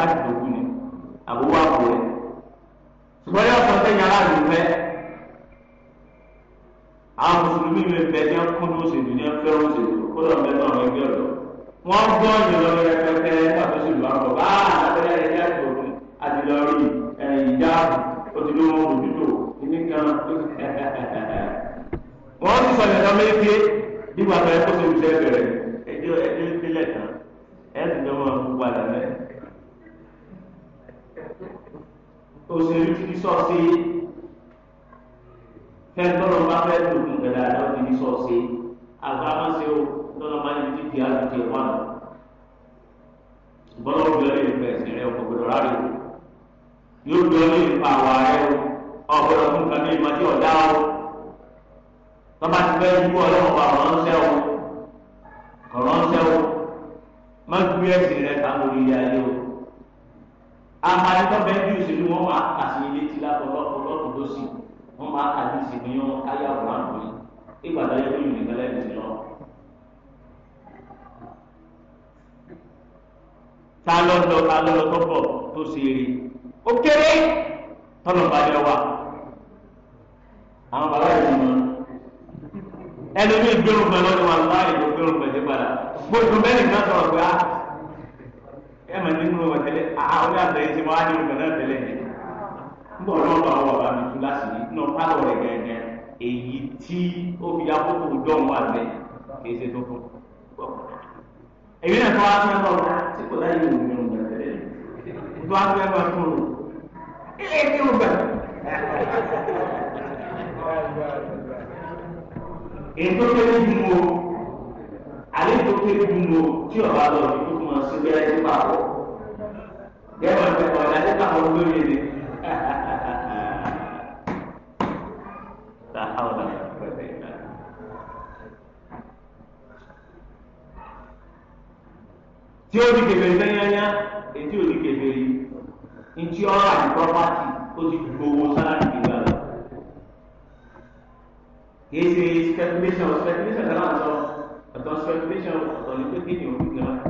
káàdì tó kù ni àbúrò àpò rẹ̀ ṣùgbọ́n yóò sọ sẹ́yìn aráàlú fẹ́ àwọn mùsùlùmí mi bẹ ní ọkùnrin òṣèlú ní ọfẹ́ òṣèlú kó lọ́ọ́ bẹ náà ẹgbẹ́ ọ̀dọ́ wọ́n gbọ́ ìrọ̀ rẹpẹtẹ nígbàtọ́sílù àpọ̀ bá àtẹ́lẹ̀ ẹ̀jẹ̀ àti òkun àti lọ rí ìjà òtítọ́ òdúdó nìkan wọ́n ti sọ̀rọ̀ ẹ̀ka méje nígbàtọ́ ẹ̀kọ́ tó ń ṣe bẹ̀rẹ̀ ẹjọ́ ẹjọ́ ìpínlẹ̀ kan ẹ̀ ti dánwó gbogbo àdàmẹ́ tó ṣe rí títí sọ́ọ̀sì fẹ́ẹ́ tọ́lọ́ bá fẹ́ẹ́ tó kún gẹ̀dá àdá títí sọ́ọ̀sì àgbàmọ́sẹ̀ o tọ́lọ́ bá ní títí àdúgbò ẹ̀ wà lọ. bọ́lá òbí ọlẹ́ ìfẹ́ ẹ̀sìn rẹ ọkọ̀ gbọdọ̀ rárẹ̀ o yóò bí ọlẹ́ ìfẹ́ àwọ̀ rẹ o ọ̀gbọ̀dọ̀ fún kàmí ìmọ̀tí ọ̀dá o tọ́ba ti fẹ́ yíwú ọlọ́wọ́ bá ọ̀rọ̀ ọ̀rọ̀ ń sẹ́ o àǹfààní tó bẹ́ẹ̀ bí òṣèlú wọn máa kà sí ilé tí látọ̀ lọ́kọ̀ lọ́kọ̀ lọ́sì wọn máa kà ní ìsìnkú yẹn káyà ọ̀rọ̀ àǹfààní ìgbà tó yẹ kó yùn nìkan lẹ́yìn tí lọ. ta lọ lọ ta lọ lọ tọpọ tó ṣe eré ó kéré tọnà balẹ̀ wa àwọn bàbá yìí mọ ẹlòmíì gbẹrù pẹ̀lú ọdún wa láàyè tó gbẹrù pẹ̀lú padà gbogbo bẹ́ẹ̀ nìkan sọ̀rọ̀ pé á. Ah, ẹ mà ní múlò wọn tẹ́lẹ̀ àwọn ní àtẹ̀yìn tí wọ́n á ní ìgbà náà tẹ́lẹ̀ yẹn nígbà wọn lọ́wọ́ àwọn bàbá mi tún láti ní nínú pálọ̀ rẹ̀ gẹ́gẹ́ èyí tí ó fi akókò dọ́hùn wà lẹ̀ kì í ṣe tuntun èyí náà tó wá fún ẹgbẹ́ ọ̀gá tí kò láyé òun ní òun tẹ́lẹ̀ tó wá fún ẹgbẹ́ fún òun ilé ní òun bẹ̀rẹ̀ èyí tó kéré dùn o àlejò kéré dùn o tí ọba lọ rí mọ̀ sí bẹ́ẹ̀ ti pàpọ̀ gẹ́gẹ́ bí ọ̀dà tí káwọn olóyè ni. tí ó di kèfèrí yányányá ètí ò di kèfèrí ntí ọ̀rọ̀ àti pọ́pátì ó ti gbowó sáláàdì gbígbà lọ. kìí ṣe speculation speculation kan láti sọ ọ̀tọ̀ speculation ọ̀tọ̀ ní pé kí ni òfin kan.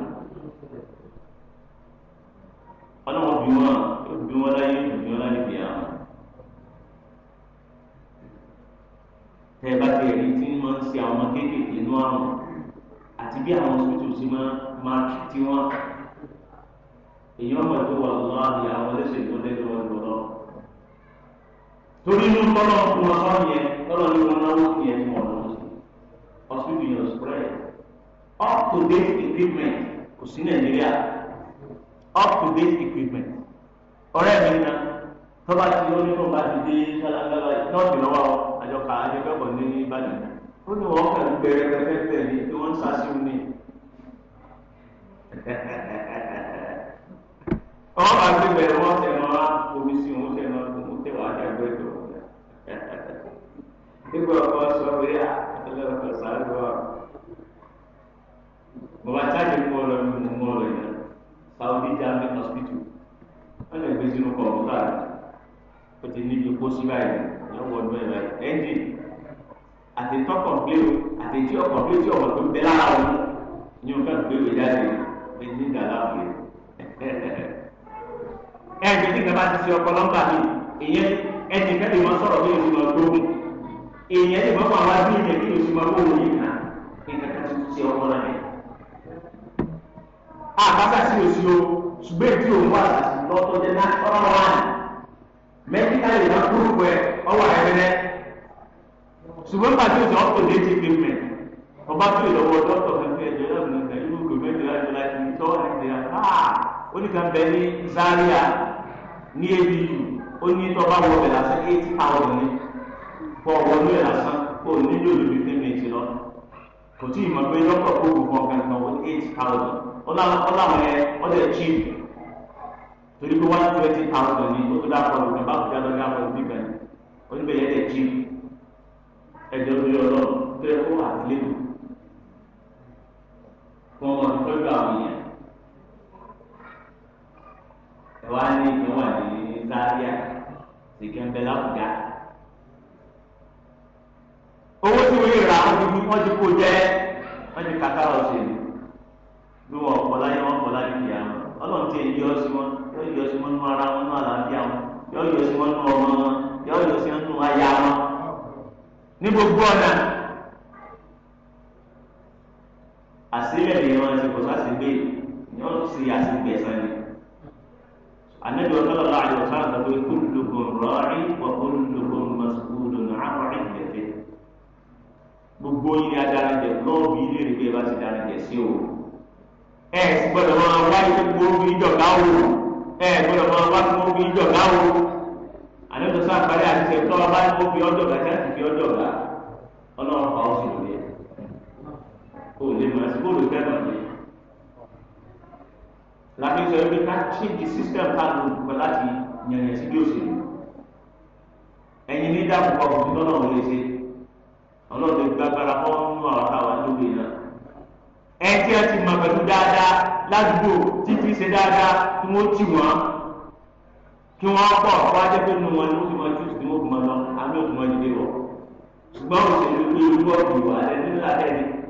bí wọn láyé yóò láyé bí àwọn. tẹ ẹ tí wọn ṣe àwọn ọmọ kéékèèké inú àrùn àti bí àwọn sòtò sí máa tí wọn èèyàn mọ̀ tó wà lọ́wọ́ àti àwọn ẹlẹ́sẹ̀ tó lẹ́nu wọn lọ́wọ́. torí inú kọ́nà fún wọn sọ́ọ̀ yẹn kọ́nà ní wọn náwó fún yẹn fún ọ̀nà òsì hospital spread up to date equipment kò sí nàìjíríà up to date equipment ọ̀rẹ́ mi na tọ́ba tí ó ní kó bá ti dé sálágbára nọ́ọ̀tì lọ́wọ́ àjọkà àjọkẹ́kọ̀ọ́ ní Ìbàdàn ó ní wọ́n kàn gbẹrẹ pẹpẹpẹ ní tí wọ́n ń sàṣìwò ní. ọwọ́ bá ti bẹ̀rẹ̀ wọ́n tẹ̀ lọ wá omi sí òun tẹ̀ lọ òun tẹ̀ wá tẹ̀ gbé tó. nígbà ọkọ sọ pé àtẹlẹ ọkọ sáré wà bàbá táyì mú ọ lọ mú ọ lọ yẹn. Saudi Jamiu hospital wọ́n lè gbé sínú kọ̀ọ̀pútà ó ti níbi kó sí báyìí yóò wọ ọdún ẹ̀ báyìí ẹ́ńjì àti tọkọ̀ gbé o àti tí ọkọ̀ gbé tí ọkọ̀ tó bẹ lára o ní o fẹ́ gbé o jáde ẹ̀ ní ìdàlá o yẹ ẹ̀ ẹ̀ ní ìjọba ti ṣe ọkọ̀ lọ́gbà mi ìyẹn ẹ̀ ti fẹ́ lè mọ sọ̀rọ̀ bí oṣù lọ gbóhùn ìyẹn lè mọ́ pàwọn adúlé yẹn bí oṣù lọ gbóhùn yìí kan ìkàkà tuntun ṣe ọkọ̀ náà Ah, àbáṣàṣì òsì o ṣùgbọ́n èdè òun àṣàṣì lọ́tọ́ jẹ́ náà ọ̀rọ̀ wà ní mẹ́tíkàlì náà kúrò pẹ́ ọwọ́ àìrẹ́rẹ́ ṣùgbọ́n ọba dọ́tọ̀ ẹ̀jẹ̀ ti tọ́ nàìjíríà náà ah! ó bẹ ní Zaria ní ebi ó ní tọ́ba wọ bẹ̀ lásán eight thousand ní fọ wọnú ẹ̀ lásán kó lọ kò tí ì mọ̀ pé kó ọlọ́run ẹ ọdẹ chief torí pé one twenty thousand ní o tó dáa kọ́ lónìí bá kúndé lọ́lẹ́.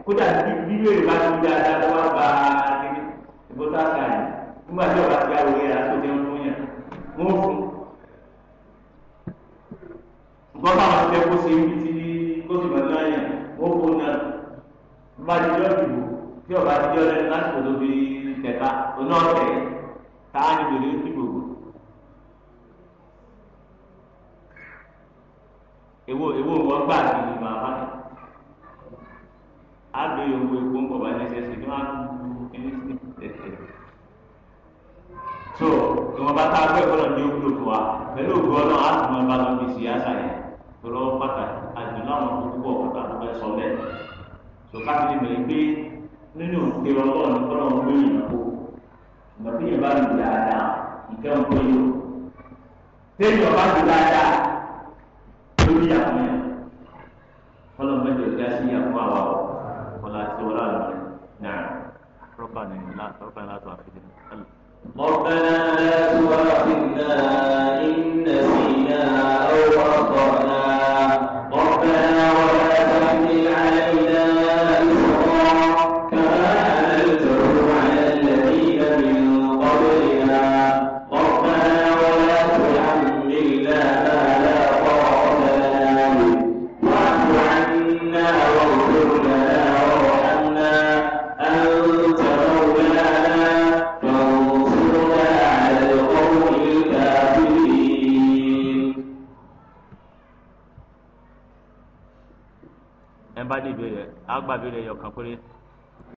kódà bíbí èrè bá ti dáadáa tó wá bá a kékeré ìbọ́tà kan yìí nígbà tí ọba ti àwọn ìyá tó jẹun fún yàn wọn fún nǹkan táwọn ti fẹ́ kó ṣe ibi tí kó sì máa náà yàn wọn fún náà bá ti jọ ìbò tí ọba ti jọ lẹ́nu láti kòtò bí tẹ̀ka oná ọ̀tẹ̀ táwọn ìbò ní ti gbogbo. èwo èwo wọn gbà kí àgbè yòówù epo ń bọ̀bá ní ṣẹ́ṣẹ́ kí wọ́n á kú ní ṣẹ́ṣẹ́. so ìwọ̀n bá tá a gbé ọ̀nà ní òwúlò fún wa pẹ̀lú ògbó ọlọ́run á sì máa bá lọ bí sí àṣà yẹn tó lọ́wọ́ pàtàkì àjò láwọn tó púpọ̀ ọ̀tá tó fẹ́ sọ bẹ́ẹ̀. so káfíńtì mẹ́rin pé nínú òkè ọlọ́run tọ́lọ́run gbé yìí kó ìgbà tó yẹ bá lù dáadáa ìkẹ́ ń pẹ́ yìí tẹ́lẹ̀ ọba ti dáadáa lórí àwọn yẹn fọlọ́mọdé ọ̀gá sí ìyàwó àwọn ọ̀ نعم. ربنا لا تؤاخذنا ربنا لا تؤاخذنا gbàgbé rẹ̀ yọ̀kan péré.